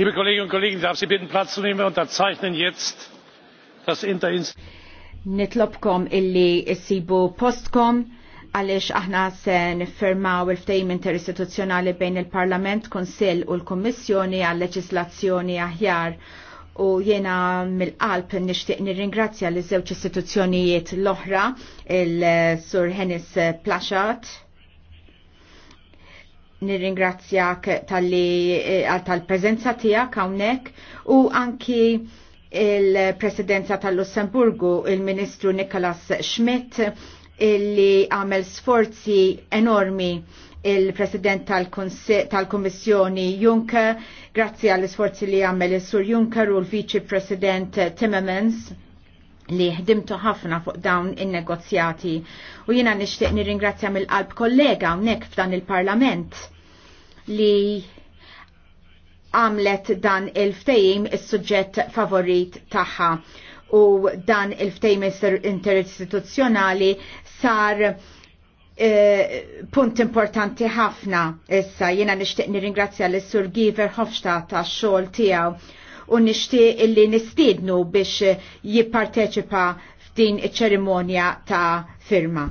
Liebe Kolleginnen und Kollegen, darf Sie bitten Platz zu nehmen. und unterzeichnen jetzt das Interinst. Nitlobkom illi sibu postkom għalix aħna se nifirmaw il-ftejm interistituzjonali bejn il-Parlament, Konsil u l-Kommissjoni għal leġislazzjoni aħjar u jena mill-qalb nishtiq nirringrazzja l-żewġ istituzzjonijiet l-oħra il-Sur Henis Plaxat nirringrazzjak tal eh, tal-prezenza tijak għawnek u anki il-presidenza tal-Lussemburgu il-ministru Nikolas Schmidt illi għamel sforzi enormi il-President tal-Kommissjoni tal Juncker, grazzi għall-sforzi li għamel il-Sur Juncker u l-Vice President Timmermans li ħdimtu ħafna fuq dawn in-negozjati u jiena nixtieq nirringrazzja mill-qalb kollega hawnhekk f'dan il-Parlament li għamlet dan il-ftejim is-suġġett favorit tagħha u dan il-ftejim interistituzzjonali sar eh, punt importanti ħafna issa jiena nixtieq nirringrazzja l sur Giver Hofstadt tax xogħol tiegħu u nixtieq illi nistiednu biex jipparteċipa f'din iċ-ċerimonja ta' firma.